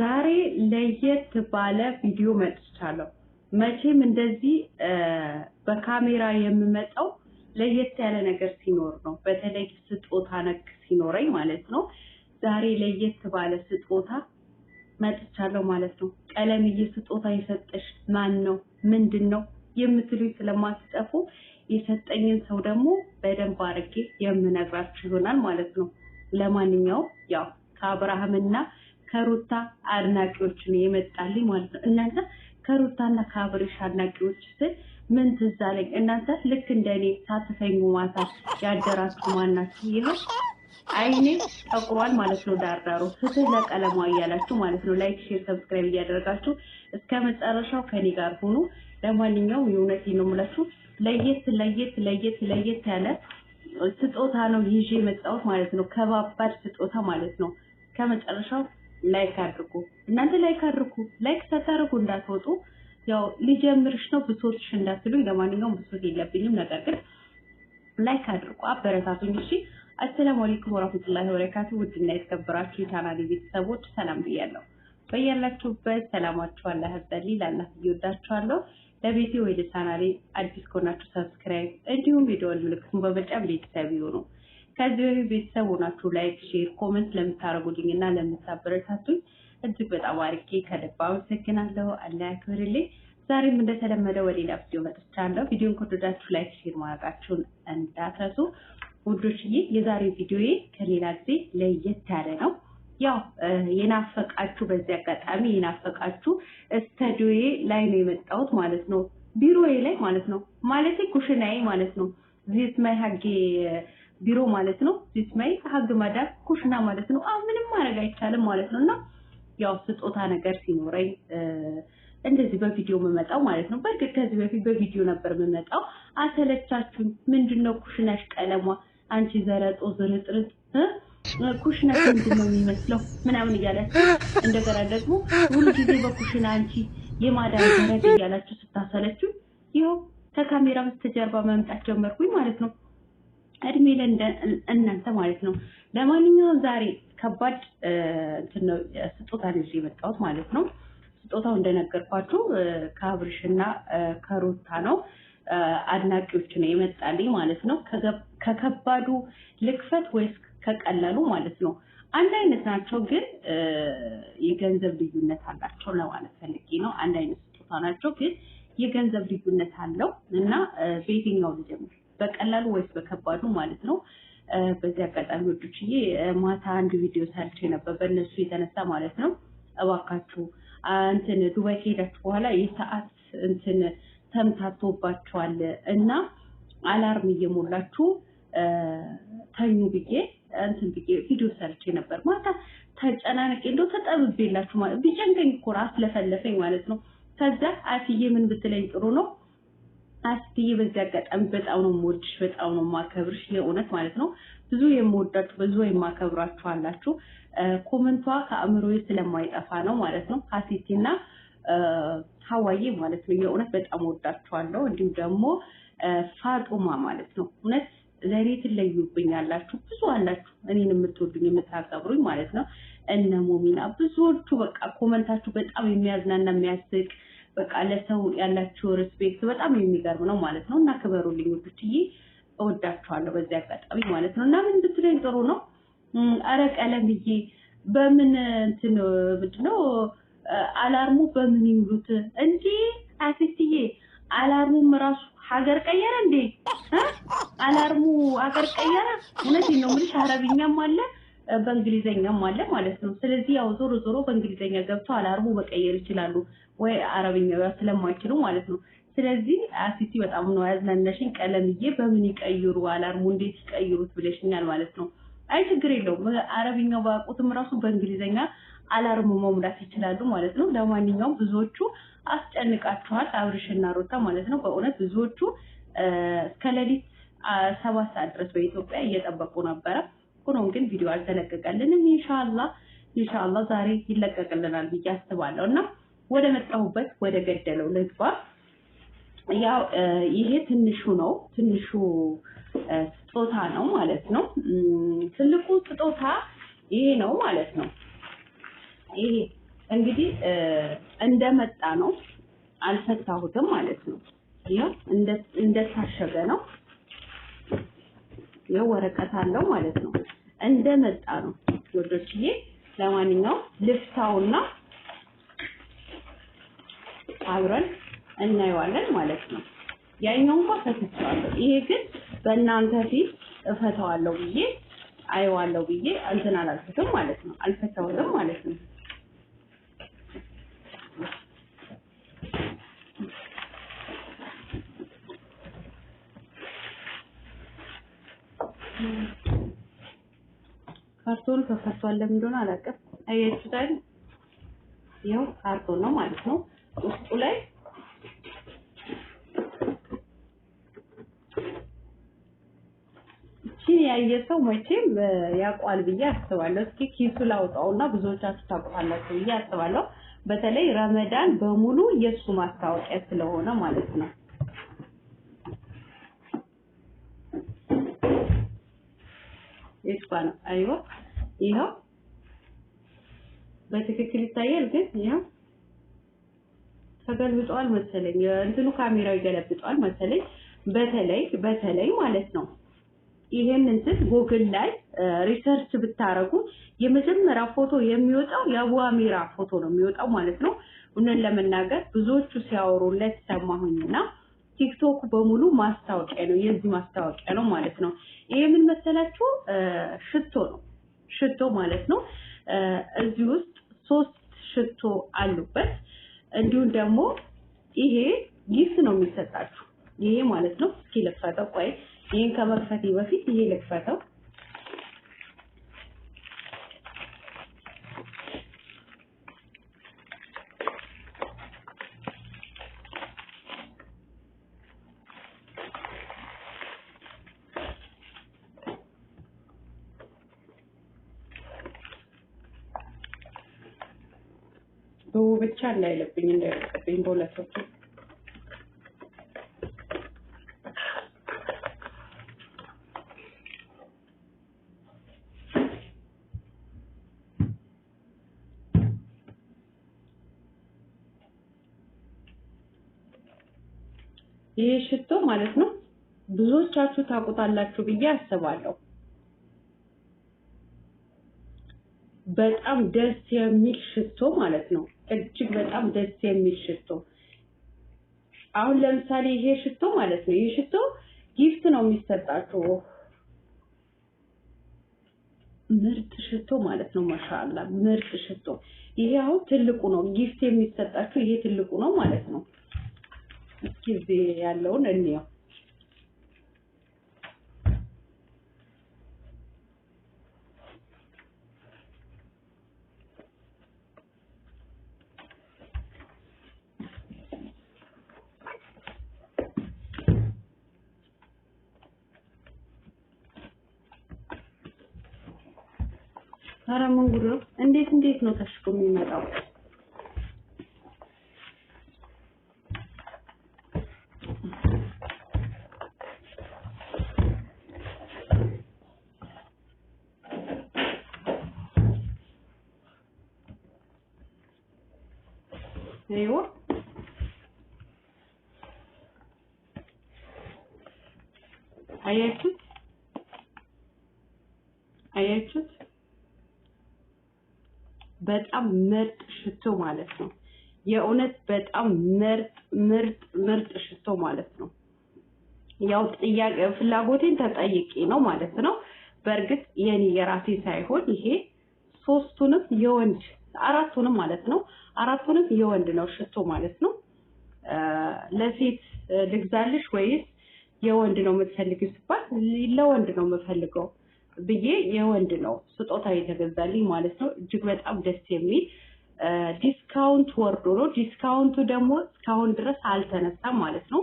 ዛሬ ለየት ባለ ቪዲዮ መጥቻለሁ። መቼም እንደዚህ በካሜራ የምመጣው ለየት ያለ ነገር ሲኖር ነው። በተለይ ስጦታ ነክ ሲኖረኝ ማለት ነው። ዛሬ ለየት ባለ ስጦታ መጥቻለሁ ማለት ነው። ቀለምዬ ስጦታ የሰጠሽ ማን ነው? ምንድን ነው የምትሉኝ ስለማትጠፉ የሰጠኝን ሰው ደግሞ በደንብ አድርጌ የምነግራችሁ ይሆናል ማለት ነው። ለማንኛውም ያው ከአብርሃምና ከሩታ አድናቂዎች ነው የመጣልኝ ማለት ነው። እናንተ ከሩታና ከአብርሽ አድናቂዎች ስል ምን ትዝ አለኝ። እናንተ ልክ እንደኔ ሳትተኙ ማታ ያደራችሁ ማናችሁ? ይኸው አይኔ ጠቁሯል ማለት ነው። ዳርዳሩ ፍትህ ለቀለሟ እያላችሁ ማለት ነው። ላይክ፣ ሼር፣ ሰብስክራይብ እያደረጋችሁ እስከ መጨረሻው ከኔ ጋር ሆኑ። ለማንኛውም የእውነት ነው የምላችሁ ለየት ለየት ለየት ለየት ያለ ስጦታ ነው ይዤ የመጣሁት ማለት ነው። ከባባድ ስጦታ ማለት ነው። ከመጨረሻው ላይክ አድርጉ። እናንተ ላይክ አድርጉ። ላይክ ሳታደርጉ እንዳትወጡ። ያው ሊጀምርሽ ነው ብሶትሽ እንዳትሉኝ። ለማንኛውም ብሶት የለብኝም፣ ነገር ግን ላይክ አድርጉ፣ አበረታቱኝ። እሺ። አሰላሙ አለይኩም ወራህመቱላሂ ወበረካቱ። ውድና የተከበራችሁ የቻናሌ ቤተሰቦች ሰላም ብያለሁ። በያላችሁበት ሰላማችሁ አላህ ያብዛልኝ። ላላህ እየወዳችኋለሁ። ለቤቴ ወይ ለቻናሌ አዲስ ከሆናችሁ ሰብስክራይብ እንዲሁም የደወል ምልክቱን በመጫን ቤተሰብ ይሁኑ። ከዚህ ቤተሰብ ሆናችሁ ላይክ፣ ሼር፣ ኮመንት ለምታደርጉልኝ እና ለምታበረታቱኝ እጅግ በጣም አርጌ ከልብ አመሰግናለሁ። አላህ ያክብርልኝ። ዛሬም እንደተለመደ ወሌላ ቪዲዮ መጥቻለሁ። ቪዲዮን ከወደዳችሁ ላይክ ሼር ማድረጋችሁን እንዳትረሱ ውዶችዬ። የዛሬ ቪዲዮዬ ከሌላ ጊዜ ለየት ያለ ነው። ያው የናፈቃችሁ በዚህ አጋጣሚ የናፈቃችሁ ስቱዲዮዬ ላይ ነው የመጣሁት ማለት ነው፣ ቢሮዬ ላይ ማለት ነው፣ ማለት ኩሽናዬ ማለት ነው ዚስ ማይ ሀጌ ቢሮ ማለት ነው። ዚትመይ ሀግ ማዳር ኩሽና ማለት ነው። አሁን ምንም ማድረግ አይቻልም ማለት ነው እና ያው ስጦታ ነገር ሲኖረኝ እንደዚህ በቪዲዮ የምመጣው ማለት ነው። በእርግጥ ከዚህ በፊት በቪዲዮ ነበር የምመጣው። አሰለቻችሁኝ። ምንድን ነው ኩሽናሽ ቀለሟ? አንቺ ዘረጦ ዝርጥርጥ ኩሽና ምንድን ነው የሚመስለው? ምናምን እያላችሁ እንደገና ደግሞ ሁሉ ጊዜ በኩሽና አንቺ የማዳን ዘረድ እያላችሁ ስታሰለችው ይኸው ከካሜራ በስተጀርባ መምጣት ጀመርኩኝ ማለት ነው። እድሜ ለእናንተ ማለት ነው። ለማንኛውም ዛሬ ከባድ ስጦታ ይዤ የመጣሁት ማለት ነው። ስጦታው እንደነገርኳችሁ ከአብርሽና ከሩታ ነው። አድናቂዎች ነው የመጣልኝ ማለት ነው። ከከባዱ ልክፈት ወይስ ከቀላሉ ማለት ነው። አንድ አይነት ናቸው፣ ግን የገንዘብ ልዩነት አላቸው ለማለት ፈልጌ ነው። አንድ አይነት ስጦታ ናቸው፣ ግን የገንዘብ ልዩነት አለው እና በየትኛው ልጀምር? በቀላሉ ወይስ በከባዱ ማለት ነው። በዚህ አጋጣሚ ወዶችዬ ማታ አንድ ቪዲዮ ሰርቼ ነበር በእነሱ የተነሳ ማለት ነው። እባካችሁ እንትን ዱባይ ከሄዳችሁ በኋላ የሰዓት እንትን ተምታቶባችኋል እና አላርም እየሞላችሁ ተኙ ብዬ እንትን ብዬ ቪዲዮ ሰርቼ ነበር። ማታ ተጨናነቄ እንደው ተጠብቤላችሁ ማለት ቢጨንቀኝ እኮ አስለፈለፈኝ ማለት ነው። ከዛ አፍዬ ምን ብትለኝ ጥሩ ነው አስትዬ በዚህ አጋጣሚ በጣም ነው የምወድሽ፣ በጣም ነው የማከብርሽ። የእውነት ማለት ነው ብዙ የምወዳችሁ ብዙ የማከብራችሁ አላችሁ። ኮመንቷ ከአእምሮ ስለማይጠፋ ነው ማለት ነው። ሀሴቴና ሀዋዬ ማለት ነው የእውነት በጣም ወዳችኋለሁ። እንዲሁም ደግሞ ፋጡማ ማለት ነው እውነት ለእኔ ትለዩብኝ አላችሁ፣ ብዙ አላችሁ እኔን የምትወዱኝ የምታከብሩኝ ማለት ነው። እነ ሞሚና ብዙዎቹ በቃ ኮመንታችሁ በጣም የሚያዝናና የሚያስቅ በቃ ለሰው ያላችሁ ሪስፔክት በጣም የሚገርም ነው ማለት ነው። እና ክበሩልኝ ውዶችዬ፣ እወዳችኋለሁ በዚህ አጋጣሚ ማለት ነው። እና ምን ብትለኝ ጥሩ ነው። አረ ቀለምዬ በምን እንትን ምንድን ነው አላርሙ በምን ይውሉት እንዴ? አክስትዬ አላርሙም ራሱ ሀገር ቀየረ እንዴ? አላርሙ ሀገር ቀየረ። እውነቴን ነው የምልሽ አረብኛም አለ በእንግሊዘኛም አለ ማለት ነው። ስለዚህ ያው ዞሮ ዞሮ በእንግሊዘኛ ገብቶ አላርሙ መቀየር ይችላሉ ወይ አረብኛ ስለማይችሉ ማለት ነው። ስለዚህ አሲቲ በጣም ነው ያዝናናሽኝ ቀለምዬ። በምን ይቀይሩ አላርሙ እንዴት ይቀይሩት ብለሽኛል ማለት ነው። አይ ችግር የለውም አረብኛው ባያውቁትም ራሱ በእንግሊዘኛ አላርሙ መሙላት ይችላሉ ማለት ነው። ለማንኛውም ብዙዎቹ አስጨንቃችኋል አብርሽና ሮታ ማለት ነው። በእውነት ብዙዎቹ እስከ ሌሊት ሰባት ሰዓት ድረስ በኢትዮጵያ እየጠበቁ ነበረ። ሆኖም ግን ቪዲዮ አልተለቀቀልንም። ኢንሻላ ኢንሻላ ዛሬ ይለቀቅልናል ብዬ አስባለሁ እና ወደ መጣሁበት ወደ ገደለው ልግባ። ያው ይሄ ትንሹ ነው፣ ትንሹ ስጦታ ነው ማለት ነው። ትልቁ ስጦታ ይሄ ነው ማለት ነው። ይሄ እንግዲህ እንደመጣ ነው፣ አልፈታሁትም ማለት ነው። ይኸው እንደታሸገ ነው። ይኸው ወረቀት አለው ማለት ነው። እንደመጣ ነው ወዶችዬ። ለማንኛውም ልፍታውና አብረን እናየዋለን ማለት ነው። ያኛው እንኳን ፈትቼዋለሁ። ይሄ ግን በእናንተ ፊት እፈታዋለሁ ብዬ አየዋለሁ ብዬ እንትን አላልኩትም ማለት ነው። አልፈታሁትም ማለት ነው። ካርቶን ተሰርቷል። ለምን እንደሆነ አላውቅም። አያችሁታል? ይኸው ካርቶን ነው ማለት ነው። ውስጡ ላይ ይቺን ያየ ሰው መቼም ያውቋል ብዬ አስባለሁ። እስኪ ኪሱ ላውጣውና ብዙዎቻችሁ ታውቁታላችሁ ብዬ አስባለሁ። በተለይ ረመዳን በሙሉ የእሱ ማስታወቂያ ስለሆነ ማለት ነው። የስኳ ነው። አይዎ ይኸው በትክክል ይታያል። ግን ይኸው ተገልብጧል መሰለኝ፣ እንትኑ ካሜራው ይገለብጧል መሰለኝ። በተለይ በተለይ ማለት ነው ይሄን እንትን ጉግል ላይ ሪሰርች ብታረጉ የመጀመሪያ ፎቶ የሚወጣው የአቡዋሜራ ፎቶ ነው የሚወጣው ማለት ነው። እውነት ለመናገር ብዙዎቹ ሲያወሩለት ሰማሁኝና ቲክቶክ በሙሉ ማስታወቂያ ነው፣ የዚህ ማስታወቂያ ነው ማለት ነው። ይሄ ምን መሰላችሁ ሽቶ ነው፣ ሽቶ ማለት ነው። እዚህ ውስጥ ሶስት ሽቶ አሉበት። እንዲሁም ደግሞ ይሄ ጊፍት ነው የሚሰጣችሁ፣ ይሄ ማለት ነው። እስኪ ልክፈተው፣ ቆይ ይሄን ከመክፈቴ በፊት ይሄ ልክፈተው ብቻ እንዳይለብኝ እንዳይለቅብኝ በሁለቶቹ ይህ ሽቶ ማለት ነው ብዙዎቻችሁ ታውቁታላችሁ ብዬ አስባለሁ። በጣም ደስ የሚል ሽቶ ማለት ነው። እጅግ በጣም ደስ የሚል ሽቶ። አሁን ለምሳሌ ይሄ ሽቶ ማለት ነው፣ ይሄ ሽቶ ጊፍት ነው የሚሰጣችሁ። ምርጥ ሽቶ ማለት ነው። ማሻአላ ምርጥ ሽቶ። ይሄ አሁን ትልቁ ነው ጊፍት የሚሰጣችሁ፣ ይሄ ትልቁ ነው ማለት ነው። እስኪ እዚህ ያለውን እንየው። ኧረ ምን ጉድ ነው! እንዴት እንዴት ነው ከሽፎ የሚመጣው? ይኸው አያችሁት አያችሁት በጣም ምርጥ ሽቶ ማለት ነው። የእውነት በጣም ምርጥ ምርጥ ምርጥ ሽቶ ማለት ነው። ያው ጥያቄ ፍላጎቴን ተጠይቄ ነው ማለት ነው። በእርግጥ የኔ የራሴ ሳይሆን ይሄ ሶስቱንም የወንድ አራቱንም ማለት ነው አራቱንም የወንድ ነው ሽቶ ማለት ነው። ለሴት ልግዛልሽ ወይስ የወንድ ነው የምትፈልግ ሲባል ለወንድ ነው የምፈልገው። ብዬ የወንድ ነው ስጦታ የተገዛልኝ ማለት ነው። እጅግ በጣም ደስ የሚል ዲስካውንት ወርዶ ነው። ዲስካውንቱ ደግሞ እስካሁን ድረስ አልተነሳም ማለት ነው።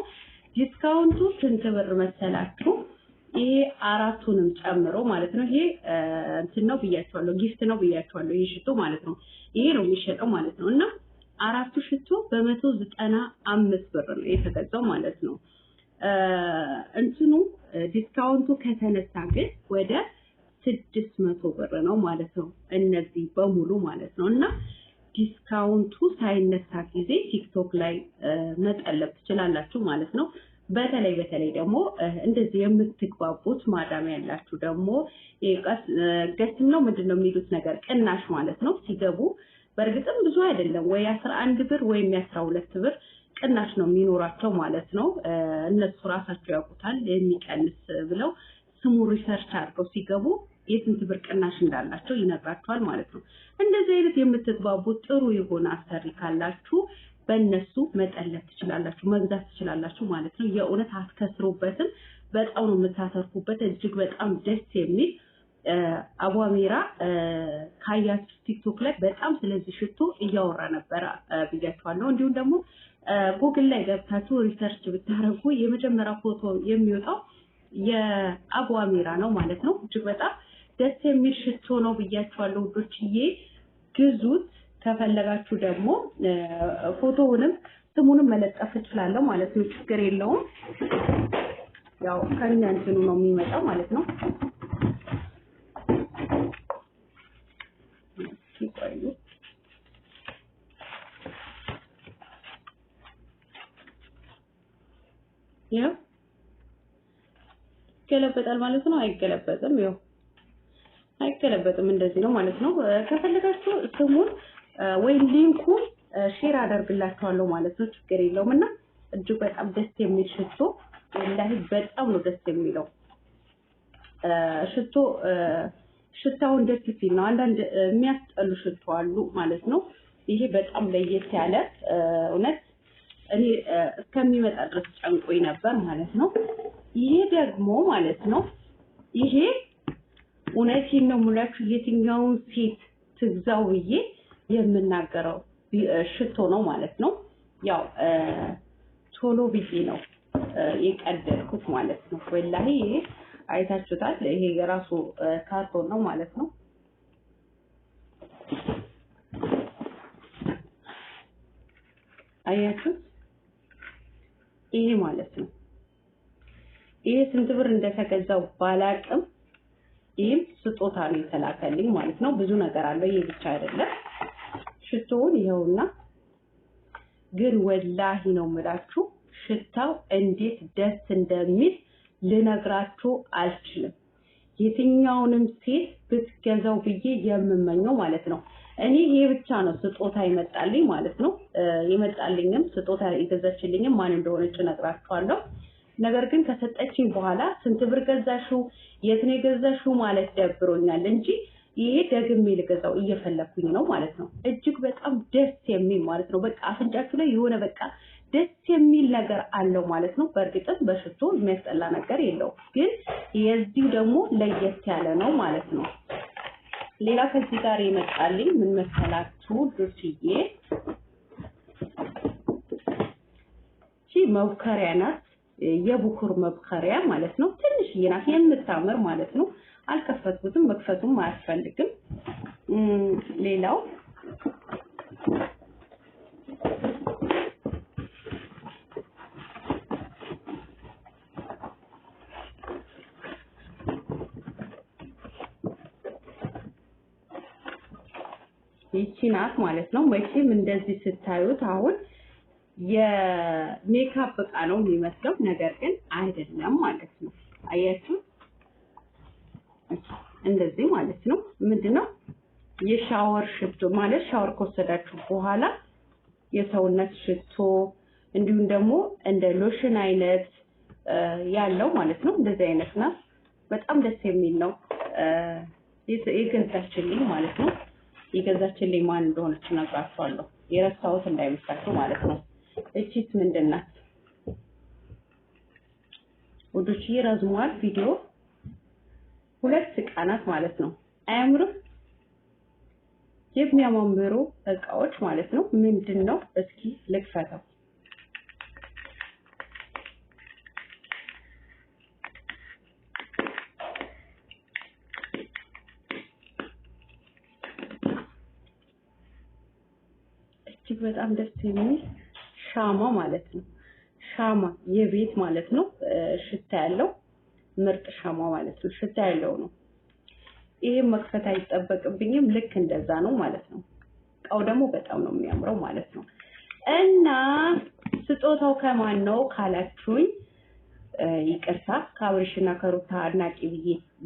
ዲስካውንቱ ስንት ብር መሰላችሁ? ይሄ አራቱንም ጨምሮ ማለት ነው። ይሄ እንትን ነው ብያቸዋለሁ፣ ጊፍት ነው ብያቸዋለሁ። ይሄ ሽቶ ማለት ነው። ይሄ ነው የሚሸጠው ማለት ነው። እና አራቱ ሽቶ በመቶ ዘጠና አምስት ብር ነው የተገዛው ማለት ነው። እንትኑ ዲስካውንቱ ከተነሳ ግን ወደ ስድስት መቶ ብር ነው ማለት ነው። እነዚህ በሙሉ ማለት ነው እና ዲስካውንቱ ሳይነሳ ጊዜ ቲክቶክ ላይ መጠለብ ትችላላችሁ ማለት ነው። በተለይ በተለይ ደግሞ እንደዚህ የምትግባቡት ማዳም ያላችሁ ደግሞ ገስም ነው ምንድን ነው የሚሉት ነገር ቅናሽ ማለት ነው ሲገቡ በእርግጥም ብዙ አይደለም ወይ አስራ አንድ ብር ወይም የአስራ ሁለት ብር ቅናሽ ነው የሚኖራቸው ማለት ነው። እነሱ ራሳቸው ያውቁታል የሚቀንስ ብለው ስሙ ሪሰርች አድርገው ሲገቡ የስንት ብር ቅናሽ እንዳላቸው ይነግራቸዋል ማለት ነው። እንደዚህ አይነት የምትግባቡ ጥሩ የሆነ አሰሪ ካላችሁ በእነሱ መጠለፍ ትችላላችሁ፣ መግዛት ትችላላችሁ ማለት ነው። የእውነት አትከስሩበትም። በጣም ነው የምታተርፉበት። እጅግ በጣም ደስ የሚል አቧሜራ ካያችሁ ቲክቶክ ላይ በጣም ስለዚህ ሽቶ እያወራ ነበረ ብያችኋለሁ። እንዲሁም ደግሞ ጉግል ላይ ገብታችሁ ሪሰርች ብታደርጉ የመጀመሪያ ፎቶ የሚወጣው የአቧሜራ ነው ማለት ነው። እጅግ በጣም ደስ የሚል ሽቶ ነው ብያቸዋለሁ ውዶችዬ፣ ግዙት። ከፈለጋችሁ ደግሞ ፎቶውንም ስሙንም መለጠፍ እችላለሁ ማለት ነው፣ ችግር የለውም። ያው ከኛ እንትኑ ነው የሚመጣው ማለት ነው። ይገለበጣል ማለት ነው። አይገለበጥም ያው አይገለበጥም። እንደዚህ ነው ማለት ነው። ከፈለጋችሁ ስሙን ወይም ሊንኩን ሼር አደርግላችኋለሁ ማለት ነው። ችግር የለውም እና እጅግ በጣም ደስ የሚል ሽቶ ወላሂ በጣም ነው ደስ የሚለው ሽቶ። ሽታውን ደስ ሲል ነው። አንዳንድ የሚያስጠሉ ሽቶ አሉ ማለት ነው። ይሄ በጣም ለየት ያለ እውነት እኔ እስከሚመጣ ድረስ ጨንቆኝ ነበር ማለት ነው። ይሄ ደግሞ ማለት ነው ይሄ እውነቴን ነው የምላችሁ የትኛውን ሴት ትግዛው ብዬ የምናገረው ሽቶ ነው ማለት ነው። ያው ቶሎ ብዬ ነው የቀደልኩት ማለት ነው። ወላሂ ይሄ አይታችሁታል። ይሄ የራሱ ካርቶን ነው ማለት ነው። አያችሁት? ይሄ ማለት ነው። ይሄ ስንት ብር እንደተገዛው ባላቅም ይህም ስጦታ ነው የተላከልኝ ማለት ነው። ብዙ ነገር አለው። ይህ ብቻ አይደለም። ሽቶውን ይኸውና፣ ግን ወላሂ ነው የምላችሁ ሽታው እንዴት ደስ እንደሚል ልነግራችሁ አልችልም። የትኛውንም ሴት ብትገዛው ብዬ የምመኘው ማለት ነው። እኔ ይሄ ብቻ ነው ስጦታ ይመጣልኝ ማለት ነው። የመጣልኝም ስጦታ የገዛችልኝም ማን እንደሆነች እነግራችኋለሁ። ነገር ግን ከሰጠችኝ በኋላ ስንት ብር ገዛሹ፣ የት ነው ማለት ደብሮኛል እንጂ ይሄ ደግሜ ልገዛው እየፈለኩኝ ነው ማለት ነው። እጅግ በጣም ደስ የሚል ማለት ነው። በቃ አፍንጫችሁ ላይ የሆነ በቃ ደስ የሚል ነገር አለው ማለት ነው። በእርግጥም በሽቶ የሚያስጠላ ነገር የለው ግን የዚሁ ደግሞ ለየት ያለ ነው ማለት ነው። ሌላ ከዚህ ጋር የመጣልኝ ምን መሰላችሁ መውከሪያ ናት። የቡኩር መብከሪያ ማለት ነው። ትንሽዬ ናት የምታምር ማለት ነው። አልከፈትኩትም፣ መክፈቱም አያስፈልግም። ሌላው ይቺ ናት ማለት ነው። መቼም እንደዚህ ስታዩት አሁን የሜካፕ እቃ ነው የሚመስለው፣ ነገር ግን አይደለም ማለት ነው። አያችሁ እንደዚህ ማለት ነው። ምንድነው የሻወር ሽቶ ማለት ሻወር ከወሰዳችሁ በኋላ የሰውነት ሽቶ እንዲሁም ደግሞ እንደ ሎሽን አይነት ያለው ማለት ነው። እንደዚህ አይነት ነው። በጣም ደስ የሚል ነው። የገዛችልኝ ማለት ነው። የገዛችልኝ ማን እንደሆነች እነግራችኋለሁ። የረሳሁት እንዳይመስላችሁ ማለት ነው። እቺስ ምንድን ናት? ውዶች ረዝሟል ቪዲዮ ሁለት እቃ ናት ማለት ነው። አያምርም? የሚያማምሩ እቃዎች ማለት ነው። ምንድን ነው? እስኪ ልክፈተው። እጅግ በጣም ደስ የሚል ሻማ ማለት ነው። ሻማ የቤት ማለት ነው። ሽታ ያለው ምርጥ ሻማ ማለት ነው። ሽታ ያለው ነው። ይሄ መክፈት አይጠበቅብኝም። ልክ እንደዛ ነው ማለት ነው። እቃው ደግሞ በጣም ነው የሚያምረው ማለት ነው። እና ስጦታው ከማን ነው ካላችሁኝ፣ ይቅርታ ከአብርሽና ከሩታ አድናቂ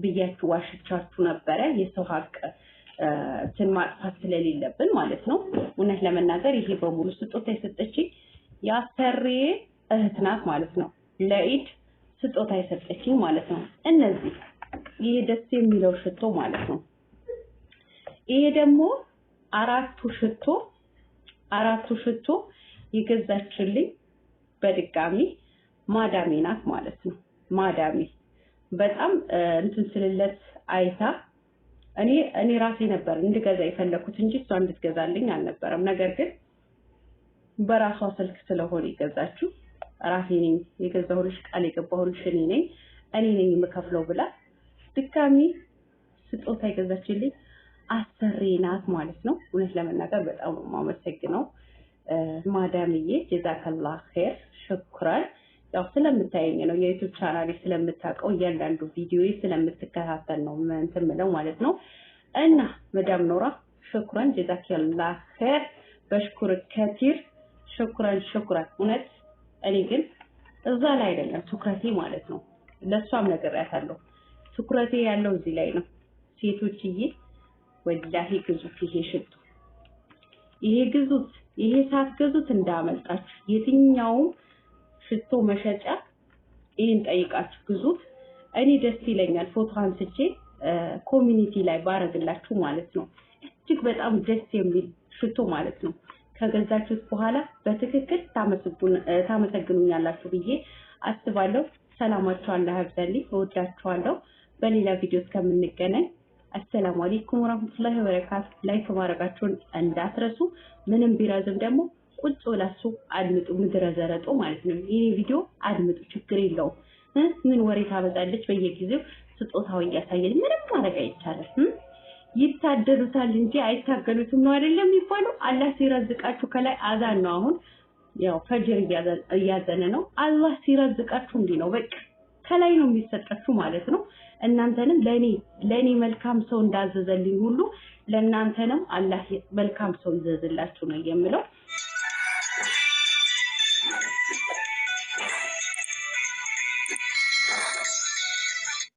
ብያችሁ ዋሽቻችሁ ነበረ። የሰው ሀቅ እንትን ማጥፋት ስለሌለብን ማለት ነው። እውነት ለመናገር ይሄ በሙሉ ስጦታ የሰጠችኝ የአሰሪዬ እህት ናት ማለት ነው። ለኢድ ስጦታ የሰጠችኝ ማለት ነው። እነዚህ ይሄ ደስ የሚለው ሽቶ ማለት ነው። ይሄ ደግሞ አራቱ ሽቶ አራቱ ሽቶ የገዛችልኝ በድጋሚ ማዳሜ ናት ማለት ነው። ማዳሜ በጣም እንትን ስልለት አይታ እኔ እኔ ራሴ ነበር እንድገዛ የፈለኩት እንጂ እሷ እንድትገዛልኝ አልነበረም። ነገር ግን በራሷ ስልክ ስለሆነ የገዛችው ራሴ ነኝ የገዛሁልሽ፣ ቃል የገባሁልሽ እኔ ነኝ እኔ ነኝ የምከፍለው ብላ ድጋሚ ስጦታ የገዛችልኝ አሰሬ ናት ማለት ነው። እውነት ለመናገር በጣም ነው የማመሰግነው ማዳምዬ፣ ጀዛከላ ኸይር ሽኩራን። ያው ስለምታየኝ ነው የዩቱብ ቻናሌ ስለምታውቀው እያንዳንዱ ቪዲዮ ስለምትከታተል ነው እንትን የምለው ማለት ነው። እና መዳም ኖራ ሽኩራን ጀዛከላ ኸይር በሽኩር ከቲር ሸኩራን ሸኩራት እውነት እኔ ግን እዛ ላይ አይደለም ትኩረቴ ማለት ነው። ለእሷም ነግሬያታለሁ። ትኩረቴ ያለው እዚህ ላይ ነው። ሴቶችዬ ወላሂ ግዙት፣ ይሄ ሽቶ ይሄ ግዙት፣ ይሄ ሳትገዙት እንዳመልጣችሁ። የትኛውም ሽቶ መሸጫ ይሄን ጠይቃችሁ ግዙት። እኔ ደስ ይለኛል ፎቶ አንስቼ ኮሚኒቲ ላይ ባረግላችሁ ማለት ነው። እጅግ በጣም ደስ የሚል ሽቶ ማለት ነው። ከገዛችሁት በኋላ በትክክል ታመሰግኑኛላችሁ ብዬ አስባለሁ። ሰላማችሁ አላህ ያብዛልኝ። እወዳችኋለሁ። በሌላ ቪዲዮ እስከምንገናኝ አሰላሙ አሌይኩም ወራህመቱላሂ ወበረካቱ። ላይክ ማድረጋችሁን እንዳትረሱ። ምንም ቢረዝም ደግሞ ቁጭ ብላችሁ አድምጡ። ምድረ ዘረጦ ማለት ነው። ይሄ ቪዲዮ አድምጡ፣ ችግር የለውም። ምን ወሬ ታበዛለች በየጊዜው ስጦታው እያሳየን ምንም ማድረግ አይቻልም። ይታደሉታል እንጂ አይታገሉትም ነው አይደለም የሚባለው። አላህ ሲረዝቃችሁ ከላይ አዛን ነው። አሁን ያው ፈጅር እያዘነ ነው። አላህ ሲረዝቃችሁ እንዲህ ነው። በቃ ከላይ ነው የሚሰጣችሁ ማለት ነው። እናንተንም ለኔ ለኔ መልካም ሰው እንዳዘዘልኝ ሁሉ ለእናንተንም አላህ መልካም ሰው ይዘዝላችሁ ነው የምለው።